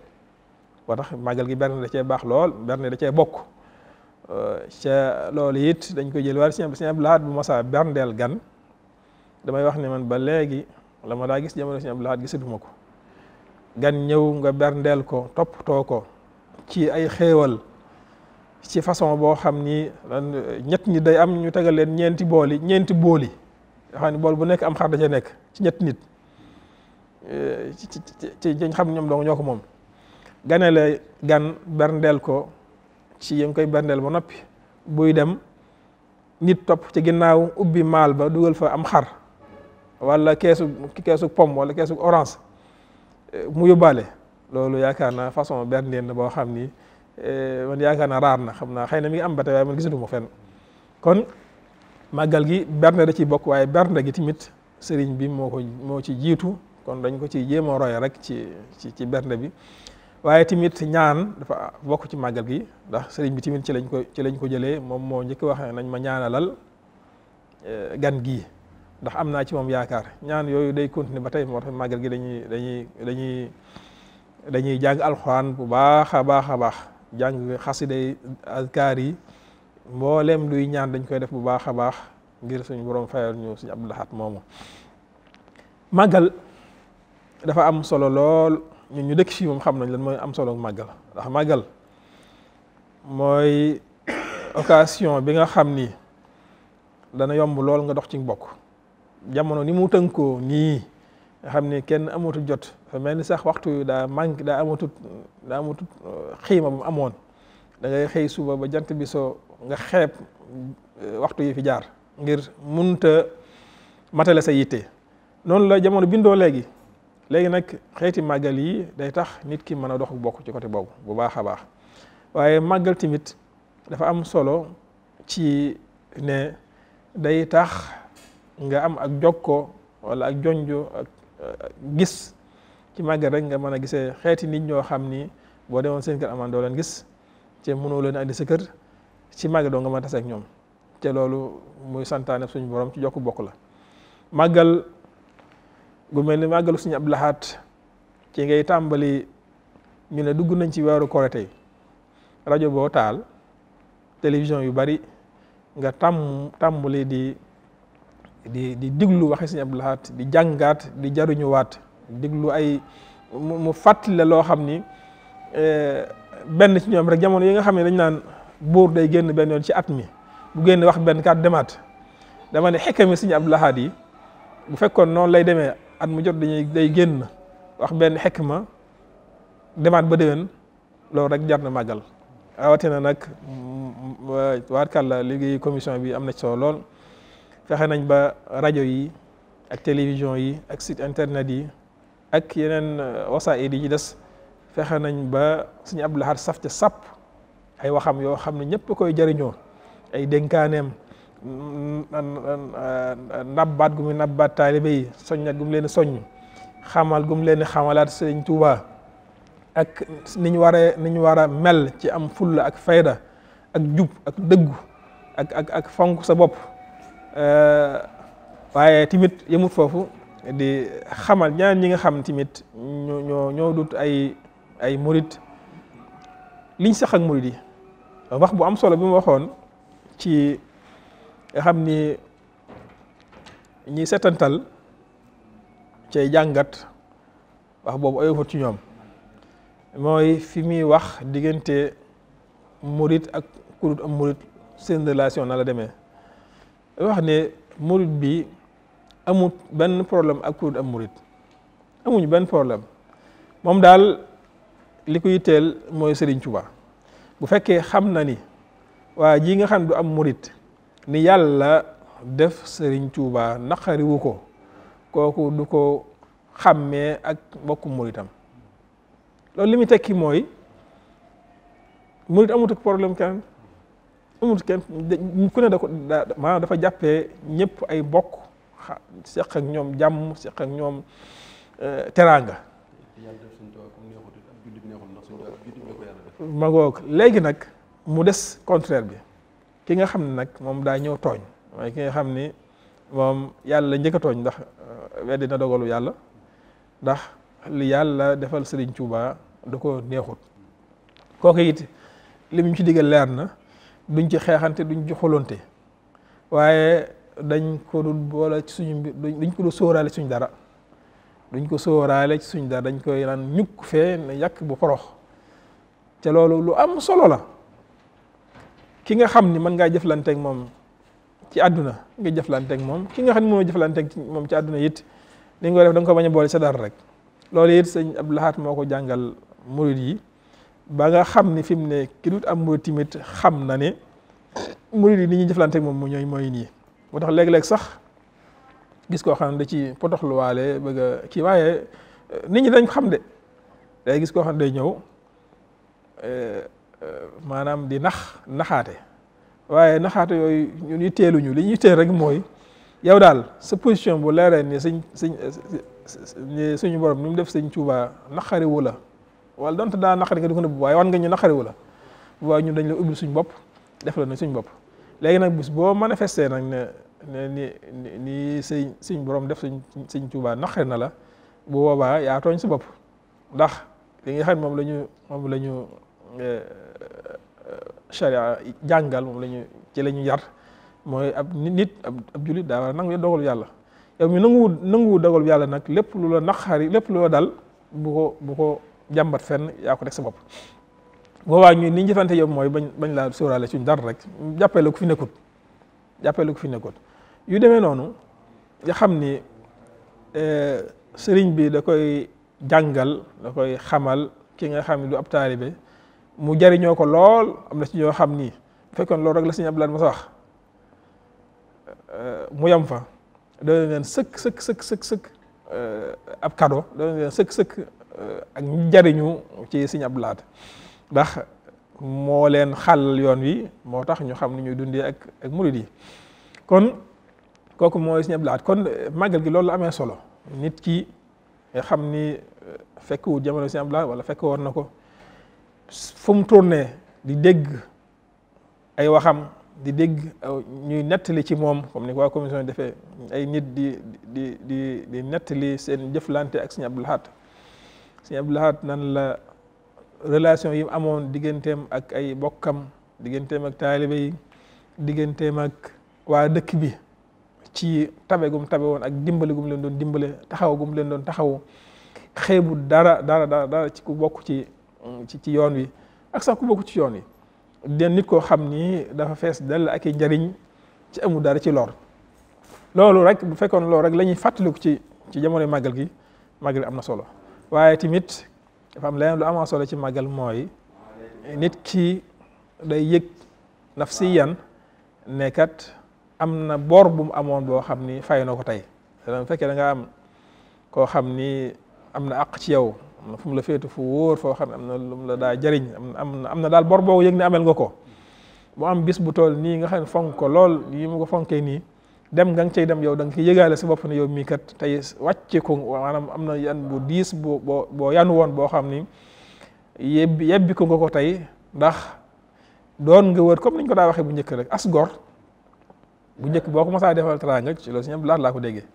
moo tax màggal gi berne da cee baax lool berne da cee bokk euh, ca loolu it dañ koy jël war sëñ Abdou Lahad bu masa berndeel gan damay wax ne man ba léegi la ma daa gis jamono sëñ Abdou Lahad gisatuma ko gan ñëw nga berndeel ko toppatoo ko ci ay xéewal ci façon boo xam ni ñett nit day am ñu tegal leen ñeenti booli ñeenti booli yoo xam ne bool bu nekk am xar da ca nekk ci ñett nit euh, ci ci ci xam ñoom dong ñoo ko moom ganale gan berndeel ko ci yën koy berndeel ba noppi buy dem nit topp ci ginnaaw ubbi maal ba dugal fa am xar walla keesu keesu pomme wala orange eh, mu yóbbaale loolu yaakaar naa façon berndeel na boo xam ni eh, man yaakaar naa raar na xam naa xëy na mi ngi am bate tey waaye man gisatu ma kon màggal gi bernde da ciy bokk waaye bernde gi tamit sëriñ bi moo ko moo ci jiitu kon dañ ko ci jéem a rek ci ci ci bernde bi waaye tamit ñaan dafa bokk ci màggal gi ndax sëriñ bi tamit ci lañ ko ci lañ ko jëlee moom moo njëkk waxee ne nañ ma ñaanalal eh, gan gi ndax am naa ci moom yaakaar ñaan yooyu day continuer ba tey moo tax màggal gi dañuy dañuy dañuy dañuy jàng alxuraan bu baax a baax a baax jàng xasiday azkaar yi mboolem luy ñaan dañ koy def bu baax a baax ngir suñu borom fayal ñu suñu Abdul Ahad moomu màggal dafa am solo lool. ñun ñu dëkk fii moom xam nañ lan mooy am solo màggal ndax màggal mooy <coughs> occasion bi nga xam ni dana yomb lool nga dox ci mbokk jamono ni mu tënkoo nii nga xam ni kenn amatul jot fa mel ni sax waxtu yu daa manqué daa amatul daa amatul euh, xiima bu amoon dangay xëy suba ba jant bi soo nga xeeb euh, waxtu yi fi jaar ngir munta matale sa yitte noonu la jamono bindoo léegi léegi nag xeeti màggal yi day tax nit ki mën a dox bokk ci côté boobu bu baax a baax waaye màggal tamit dafa am solo ci ne day tax nga am ak jokkoo wala ak jonjo ak gis ci màggal rek nga mën a gisee xeeti nit ñoo xam ni boo demoon seen kër amaan doo leen gis te mënuloo leen andi sa kër ci màggal doo nga mën a ak ñoom te loolu muy santaane suñu borom ci jokk bokk la gu mel ni màggalu suñu Abdou laxaat ci ngay tàmbali ñu ne dugg nañ ci weeru korite yi rajo boo taal télévision yu bari nga tàmm tàmbali di di di diglu waxe suñu Abdou Lahad di jàngaat di jaruñuwaat diglu ay mu fàttali la loo xam ni eh, benn ci ñoom rek jamono yi nga xam ne dañ naan buur day génn benn yoon ci at mi bu génn wax benn kàddu demaat dama ne xekkami suñu Abdou Lahad yi bu fekkoon noonu lay demee at mu jot dañuy day génn wax benn xekma demaat ba déwén loolu rek jar na màggal rawatina nag mm, waarkàlla liggéey commission bi am na ci lool fexe nañ ba rajo yi ak télévision yi ak site internet yi ak yeneen euh, wasaa'id yi ci des fexe nañ ba suñu Abdou Lahad saf ca sàpp ay waxam yoo xam ne ñëpp koy jariñoo ay dénkaaneem nabbaat gu muy nabbaat taalibe yi soññat gu leen soññ xamal gum mu leen xamalaat sëriñ Tuuba ak ni ñu waree ni ñu war a mel ci am fulla ak fayda ak jub ak dëggu ak ak fonk sa bopp eh, waaye tamit yemut foofu di xamal ñaan ñi nga xam tamit ñoo dut ay ay murit liñ sax ak murit yi wax bu am solo bi mu waxoon ci xam ni ñi setantal cay jàngat wax boobu oyofut ci ñoom mooy fi muy wax diggante murit ak kurut am murit seen relation na la demee wax ne murit bi amut benn problème ak kurut am murit amuñu benn problème moom daal li koy teel mooy Serigne Touba bu fekkee xam na ni waa ji nga xam du am murit ni yàlla def Serigne Touba naqariwu ko kooku du ko xàmmee ak mbokku muritam loolu li muy tekki mooy murit amut ak problème kenn amut kenn ku ne da ko maanaam dafa jàppee ñëpp ay mbokk seq ak ñoom jàmm seq ak ñoom euh, teraanga. magoog léegi nag mu des contraire bi. ki nga xam ne nag moom daa ñëw tooñ mooy ki nga xam ni moom yàlla njëkk tooñ ndax euh, weddi na dogalu yàlla ndax li yàlla defal Sëriñ Tuuba du ko neexut kooku it li mu ci digga leer na duñ ci xeexante duñ ci xolonte waaye dañ ko dul boole ci suñu mbir duñ ko suñ dara duñ ko sóoraale ci suñ dara dañ koy naan ñukk fee ne yàq bu forox te loolu lu am solo la ki nga xam ni mën ngaa jëflanteeg moom ci àdduna nga jëflanteeg moom ki nga xam ne mënoo jëflanteeg moom ci àdduna it li nga ko def da ko bañ a boole sa dara rek loolu it sëñ ab Lahad moo ko jàngal murid yi ba nga xam ni fi mu ne ki dut am murid tamit xam na ni murid yi ni ñuy jëflanteeg moom ñooy mooy nii moo tax léeg-léeg sax gis koo xam ne da ci potoxluwaale bëgg a kii waaye eh, nit ñi dañ xam de day gis koo xam ne day ñëw eh, maanaam di nax naxaate waaye naxaate yooyu ñun teeluñu li ñuy teel rek mooy yow daal sa position bu leeree ni suñ sëñ suñu borom nu mu def sëñ Tuuba naqariwu la wala donte daa naqari nga di ko nëbb waaye nga ñu naqariwu la bu waaye ñun dañ la ubbil suñ bopp def la nañ suñ bopp léegi nag bis boo manifesté nag ne ne ni nii sëñ suñ borom def suñ sëñ Tuuba naqari na la bu boobaa yaa tooñ sa bopp ndax li nga xam moom la moom la eh, sharia jàngal moom la ñu ci la ñu yar mooy ab nit ab jullit daa war a nangu yàlla yow mi nanguwu nanguwu dogalu yàlla nag lépp lu la naqari lépp lu la dal bu ko bu ko jàmbat fenn yaa ko teg sa bopp boobaa ñu ni ñu jëfante yow mooy bañ bañ laa sóoraale suñ dara rek jàppee la ko fi nekkut jàppee la ko fi nekkut yu demee noonu nga xam ni eh, sëriñ bi da koy jàngal da koy xamal ki nga xam ne lu ab taalibe mu jariñoo ko lool am na ci ñoo xam ni bu fekkoon loolu rek la sëñ Abdou Lahad mos a wax euh, mu yem fa doon leen sëkk sëkk sëkk sëkk sëkk euh, ab cadeau doon leen sëkk sëkk euh, ak jariñu ci sëñ ndax moo leen xàllal yoon wi moo tax ñu xam ni ñuy dundee ak ak murid yi kon kooku moo sëñ Abdou kon màggal gi loolu amee solo nit ki nga xam ni fekk wu jamono sëñ Abdou Lahad wala fekk woon na ko fu mu tourné di dégg ay waxam di dégg ñuy nettali ci moom comme ni ko waa commission defee ay nit di di di di nettali seen jëflante ak Sëñ Abdul Ahad Sëñ nan la relation yim amoon digganteem ak ay bokkam digganteem ak taalibe yi digganteem ak waa dëkk bi ci tabe gum tabe woon ak dimbale gum leen doon dimbale taxaw gum leen doon taxaw xeebu dara dara dara dara ci ku bokk ci ci ci yoon wi ak sax ku bokk ci yoon wi den nit koo xam ni dafa fees dell ak i njariñ ci amul dara ci lor loolu rek bu fekkoon loolu rek lañuy fàttaliku ci ci jamono màggal gi màggal am na solo waaye tamit dafa am leneen lu amaa solo ci màggal mooy nit ki day yëg nafsiyan nekkat am na bor bu mu amoon boo xam ni fay na ko tey mu fekkee da nga am koo xam ni am na àq ci yow am la féete fu wóor foo xam ne am na lu la daa jariñ am na am na daal bor boobu yëg ne amel nga ko mu am bis bu tool nii nga xam ne fonk ko lool yi mu ko fonkee nii dem nga nga cay dem yow da nga ko yëgaale si bopp ne yow mii kat tey wàcce ko am na yan bu diis boo boo boo yanu woon boo xam ni yebbi yebbi ko nga ko tey ndax doon nga wër comme ni ñu ko daa waxee bu njëkk rek as gor bu njëkk boo ko masaa defal teraanga ci loolu si ñëpp laat laa ko déggee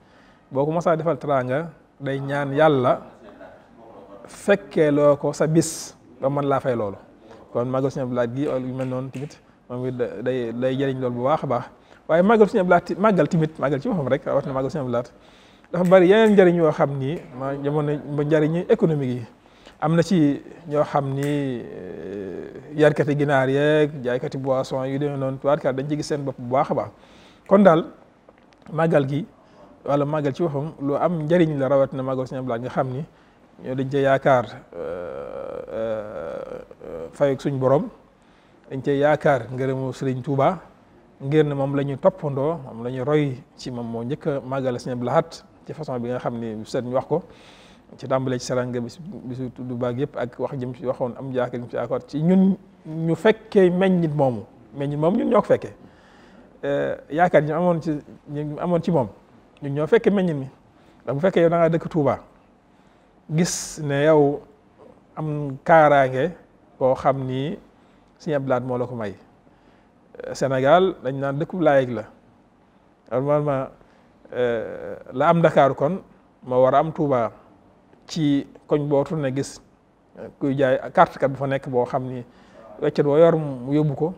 boo ko masaa defal teraanga day ñaan yàlla fekkee loo ko sa bis ba mën laa fay loolu kon màggal Sëñ Abdou Lahad gi yu mel noonu tamit moom it day day jëriñ loolu bu baax a baax waaye màggal Sëñ Abdou Lahad màggal màggal ci boppam rek rawatina màggal Sëñ Abdou Lahad dafa bari yeneen njariñ yoo xam ni ma jamono ba njëriñu économique yi am na ci ñoo xam ni eh, yarkati ginaar yeeg jaaykati boisson yi demee noonu tubaarkaat dañ ci gis seen bopp bu baax a baax kon daal màggal gi wala màggal ci waxam lu am njëriñ la rawatina màggal Sëñ Abdou Lahad nga xam ni ñoo dañ cee yaakaar euh, euh, euh, fayuk suñ borom dañ cee yaakaar ngërëmu Sëriñ Tuuba ngir ne moom la ñu toppandoo moom la ñu roy ci moom moo njëkk a màggal Sëriñ Abdu ci façon bi nga xam ne seet ñu wax ko ci tàmbalee ci saranga bis bisu tudd baag yëpp ak wax jëm ci waxoon am jaakar ci accord ci ñun ñu fekkee meññit moomu meññit moomu ñun ñoo ko fekkee yaakaar ñu amoon ci amoon ci moom ñun ñoo fekkee meññit mi ndax bu fekkee yow da ngaa dëkk Touba gis ne yow am kaaraange boo xam ni si Abdou Lahad moo la ko may Sénégal dañ naan dëkkub laayeg la normalement euh, la am ndakaaru kon ma war a am Touba ci koñ boo tur gis euh, kuy jaay carte kat bu fa nekk boo xam ni weccet boo yor mu yóbbu ko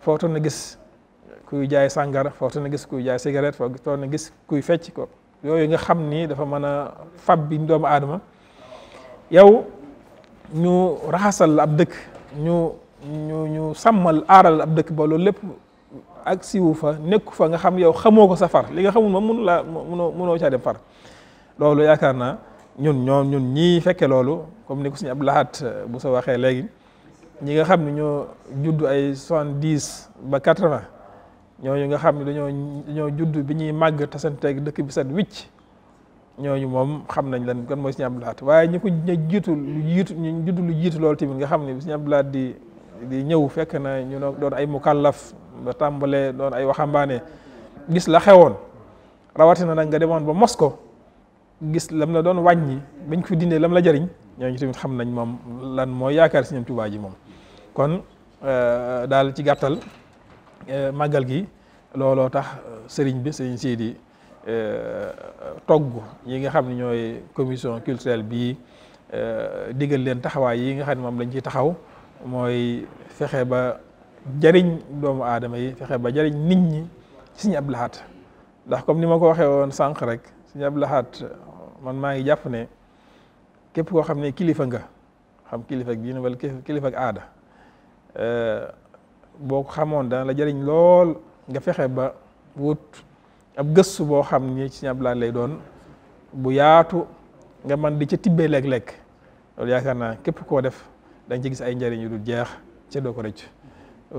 foo tur gis kuy jaay sàngara foo tur ne gis kuy jaay cigarette foo tur ne gis kuy fecc ko yooyu nga xam nii dafa mën a fab bi doomu aadama yow ñu raxasal ab dëkk ñu ñu ñu sàmmal aaral ab dëkk ba loolu lépp ak siwu fa nekku fa nga xam yow xamoo ko sa far li nga xamul moom mënu laa mënoo mënoo caa dem far loolu yaakaar naa ñun ñoom ñun ñii fekke loolu comme ni ko suñu Abdou Lahad euh, bu sa waxee léegi ñi nga xam ne ñoo judd ay soixante-dix ba quatre ñoo ñu nga xam ne dañoo dañoo judd bi ñuy màgg tasanteeg dëkk bi set wicc ñooñu moom xam nañ lan kon mooy Sëñ Abdou Lahad waaye ñu ko ñu jiitu lu jiitu ñu juddu lu jiitu loolu tamit nga xam ne Sëñ Abdou Lahad di di ñëw fekk na ñu doon ay mukallaf ba tàmbalee doon ay waxambaane gis la xewoon rawatina nag nga demoon ba mos ko gis lam la doon wàññi bañ ko fi dindee lam la jariñ ñooñu tamit xam nañ moom lan mooy yaakaar si Sëñ Tuubaa ji moom kon euh, daal ci gàttal euh, màggal gi looloo tax euh, sëriñ bi sëriñ Sidi Euh, togg ñi nga xam ne ñooy commission culturelle bii euh, digal leen taxawaay yi nga xam ne moom lañ ciy taxaw mooy fexe ba jariñ doomu aadama yi fexe ba jariñ nit ñi ci Sëñ Abdou ndax comme ni ma ko waxee woon sànq rek Sëñ Abdou Lahad man maa ngi jàpp ne képp koo xam ne kilifa nga xam kilifa ak diine wala kilifa ak aada euh, boo ko xamoon dana la jariñ lool nga fexe ba wut ab gëstu boo xam ni ci ñablaat lay doon bu yaatu nga man di ca tibbee léeg-léeg loolu yaakaar naa képp koo def da nga ci gis ay njariñ yu dul jeex ca doo ko rëcc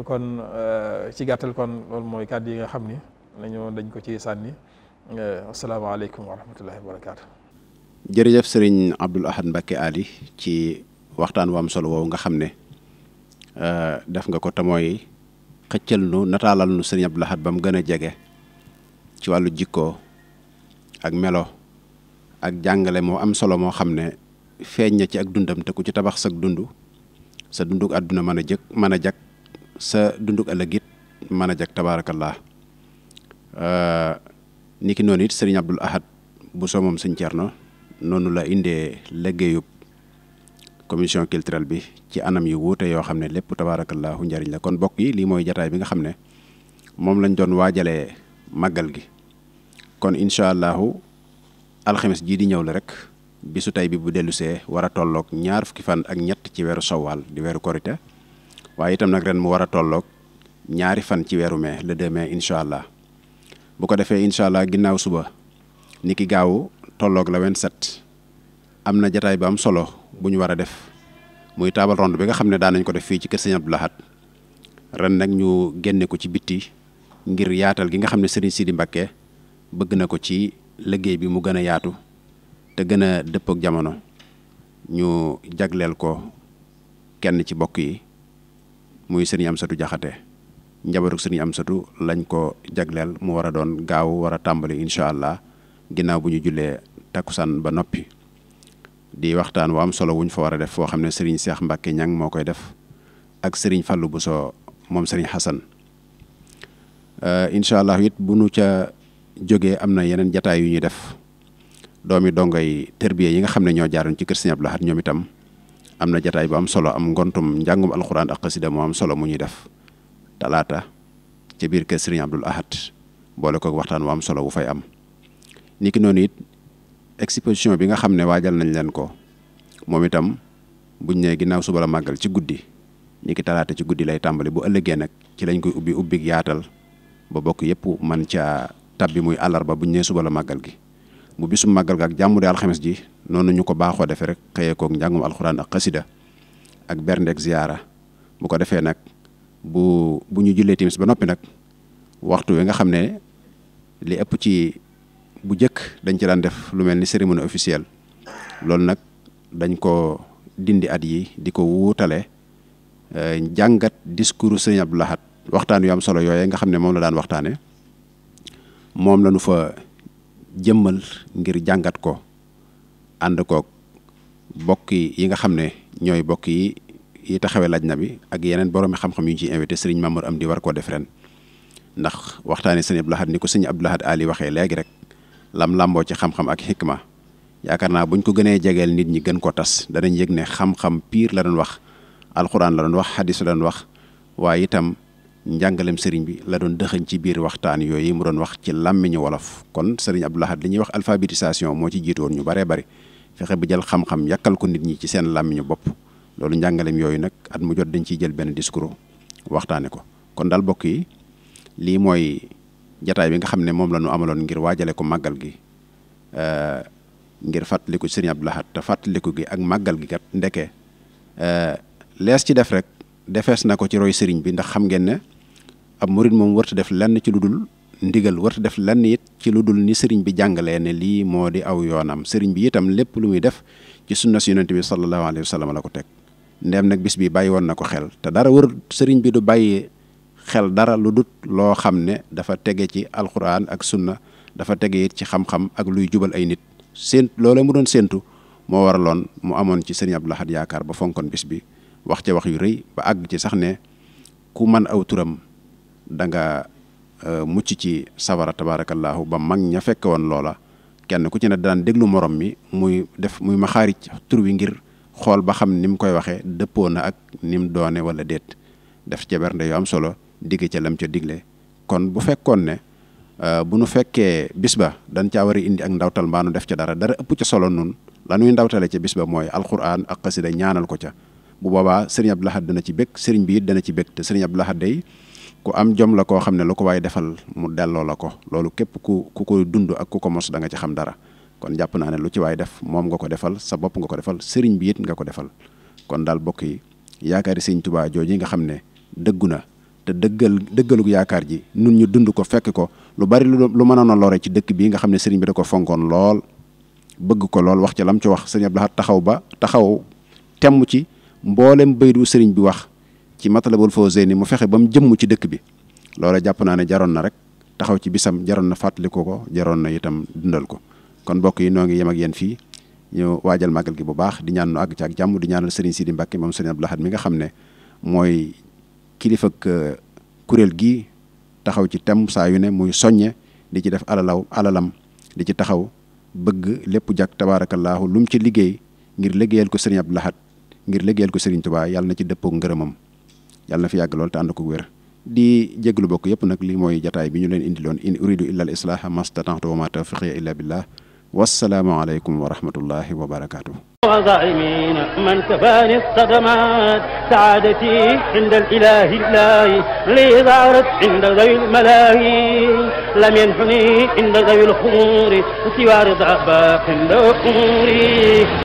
kon euh, ci gàttal kon loolu mooy kàddu yi nga xam ni nañu dañ ko ci sànni euh, asalaamaaleykum wa rahmatullahi wa barakaatu. jërëjëf sëriñ Abdoul Ahad Mbacké Ali ci waxtaan wu am solo woowu nga xam ne euh, def nga ko te mooy xëccal nu nataalal nu sëriñ Abdoul Ahad ba mu gën a jege. ci wàllu jikkoo ak melo ak jàngale moo am solo moo xam ne feeñ na ci ak dundam te ku ci tabax sag dund sa dunduk àdduna mën a jëkk mën a jag sa dunduk ëllëg it mën a jag tabaarakallah ni ki noonu it sëriñ Abdul Ahad bu soo moom sëñ Cerno noonu la indee liggéeyub commission culturel bi ci anam yu wuute yoo xam ne lépp tabaarakallahu njariñ la kon bokk yi lii mooy jataay bi nga xam ne moom lañ doon waajalee màggal gi kon incha allahu alxames jii di ñëw la rek bisu tey bi bu dellusee war a tolloog ñaar fukki fan ak ñett ci weeru sowal di weeru korite waaye itam nag ren mu war a tolloog ñaari fan ci weeru mai le 2 mai incha allah bu ko defee incha allah ginnaaw suba ni ki gaawu tollook la 27 am na jataay bu am solo bu ñu war a def muy table ronde bi nga xam ne daan nañ ko def fii ci kër Sëñ Abdou Lahad ren nag ñu génne ko ci bitti ngir yaatal gi nga xam ne Serigne Sidi Mbacké bëgg na ko ci liggéey bi mu gën a yaatu te gën a dëppook jamono ñu jagleel ko kenn ci bokk yi muy sëriñ Amsatu Jaxate njabaruk sëriñ Amsatu lañ ko jagleel mu war a doon gaaw war a tàmbali incha allah ginnaaw bu ñu jullee takkusaan ba noppi di waxtaan wa am solo wuñ fa war a def foo xam ne sëriñ Seex Mbàkke ñang moo koy def ak sëriñ Fallu Buso moom sëriñ Xasan euh, incha allah it bu nu ca jóge am na yeneen jataay yu ñuy def doomi dongo yi terbiye yi nga xam ne ñoo jaaroon ci kër Sëñ Abdou Lahad ñoom itam am na jataay bu am solo am ngontum njàngum alxuraan ak xasida moo am solo mu ñuy def talaata ca biir kër Sëriñ Abdou Lahad waxtaan wu am solo wu fay am niki noonu it exposition bi nga xam ne waajal nañ leen ko moom itam buñ ne ginnaaw suba la màggal ci guddi ki talaata ci guddi lay tàmbali bu ëllëgee nag ci lañ koy ubbi ubbig yaatal ba bokk yëpp man ca tab bi muy àllarba bu ñu nee suba la màggal gi bu bisum màggal ga ak jàmm de alxames ji noonu ñu ko baaxoo defee rek xëyee koog njàngum alxuraan ak xasida ak berndeeg ziyaara bu ko defee nag bu bu ñu jullee timis ba noppi nag waxtu wi nga xam ne li ëpp ci bu njëkk dañ ci daan def lu mel ni cérémonie officielle loolu nag dañ ko dindi at yi di ko wuutale eh, jàngat discours Sëriñ Abdou Lahad waxtaan yu am solo yooye nga xam ne moom la daan waxtaane moom la ñu fa jëmmal ngir jàngat ko ànd koog bokki yi nga xam ne ñooy bokk yi yi taxawee na bi ak yeneen boroomi xam-xam yu ñu ciy invité sëriñ Mamour am di war koo def ren ndax waxtaanee sëñ Abdou Lahad ni ko sëñ Abdou Lahad Ali waxee léegi rek lam lamboo ci xam-xam ak xikma yaakaar naa buñ ko gënee jegeel nit ñi gën koo tas danañ yëg ne xam-xam piir la doon wax alxuraan la doon wax xadis la doon wax waaye itam njàngalem sëriñ bi la doon dëxëñ ci biir waxtaan yooyu mu doon wax ci làmmiñu wolof kon sëriñ Abdou li ñuy wax alphabétisation moo ci jiitoon ñu bare bari fexe ba jël xam-xam yàkkal ko nit ñi ci seen làmmiñu bopp loolu njàngalem yooyu nag at mu jot dañ ciy jël benn discours waxtaane ko kon daal bokk yi lii mooy jataay bi nga xam ne moom la ñu amaloon ngir waajale ko màggal gi ngir fàttaliku sëriñ Abdou Lahad te fàttaliku gi ak màggal gi kat ndeke lees ci def rek defees na ko ci roy sëriñ bi ndax xam ngeen ne ab murit moom warta def lenn ci lu dul ndigal warta def lenn it ci lu dul ni sëriñ bi jàngalee ne lii moo di aw yoonam sëriñ bi itam lépp lu muy def ci sunna si yonent bi sallallahu alayhi wa sallam la ko teg ndeem nag bis bi bàyyi woon na ko xel te dara wër sëriñ bi du bàyyi xel dara lu dut loo xam ne dafa tege ci alxuraan ak sunna dafa tege it ci xam-xam ak luy jubal ay nit séent loolee mu doon séentu moo waraloon mu amoon ci sëriñ ab Lahad yaakaar ba fonkoon bis bi wax ca wax yu rëy ba àgg ci sax ne ku man aw turam da nga euh, mucc ci sawara tabaarakallaahu ba mag ña fekke woon loola kenn ku ci ne daan déglu morom mi muy def muy ma xaarij tur wi ngir xool ba xam ni mu koy waxee dëppoo na ak ni mu doone wala déet def cebernde yu am solo digg ca lam ca digle kon bu fekkoon ne euh, bu nu fekkee bis ba dañ caa war indi ak ndawtal mbaanu def ca dara dara ëpp ca solo nun la nuy ndawtale ca bis ba mooy alquran ak xasida ñaanal ko ca bu boobaa sëriñ Abdou Lahad dana ci bëgg sëriñ bi dana ci bëgg te sëriñ Abdou Lahad day ku am jom la koo xam ne lu ko waaye defal mu delloo la ko loolu képp ku ku koy dund ak ku ko mos da nga ci xam dara kon jàpp naa ne lu ci waay def moom nga ko defal sa bopp nga ko defal sëriñ bi it nga ko defal kon daal bokk yi yaakaari sëriñ Tuubaa jooju nga xam ne dëggu na te dëggal dëggalug yaakaar ji nun ñu dund ko fekk ko lu bari lu lu mënoon a lore ci dëkk bii nga xam ne sëriñ bi da ko fonkoon lool bëgg ko lool wax ci lam ci wax sëriñ Abdou Lahad taxaw ba taxaw temm ci mboolem baydu sëriñ bi wax ci Matlabul Fawzayni mu fexe ba mu jëmm ci dëkk bi loola jàpp naa ne jaroon na rek taxaw ci bisam jaroon na fàttaliku ko jaroon na itam dundal ko kon mbokk yi noo ngi yem ak yéen fii ñu waajal màggal gi bu baax di ñaan nu àgg ci ak jàmm di ñaanal Serigne Sidi Mbacke moom Serigne Abdou mi nga xam ne mooy kilifa ak kuréel gi taxaw ci tem saa yu ne muy soññe di ci def alalaw alalam di ci taxaw bëgg lépp jàkk tabaarakallaahu lu mu ci liggéey ngir liggéeyal ko Serigne Abdou Lahad ngir liggéeyal ko Serigne Touba yàlla na ci dëppoo ngërëmam yàlla na fi yàgg lool te ànd ko wér di jéglu bokk yëpp nag li mooy jataay bi ñu leen indiloon in uridu illa al islaha mastata'tu wa ma tawfiqiya illa billah wassalaamu aleykum wa rahmatullahi wa barakatuh وظالمين من كفاني الصدمات سعادتي عند الإله الله لي ظهرت عند ذوي الملاهي لم ينحني عند ذوي الخمور سوى رضا باق عند أموري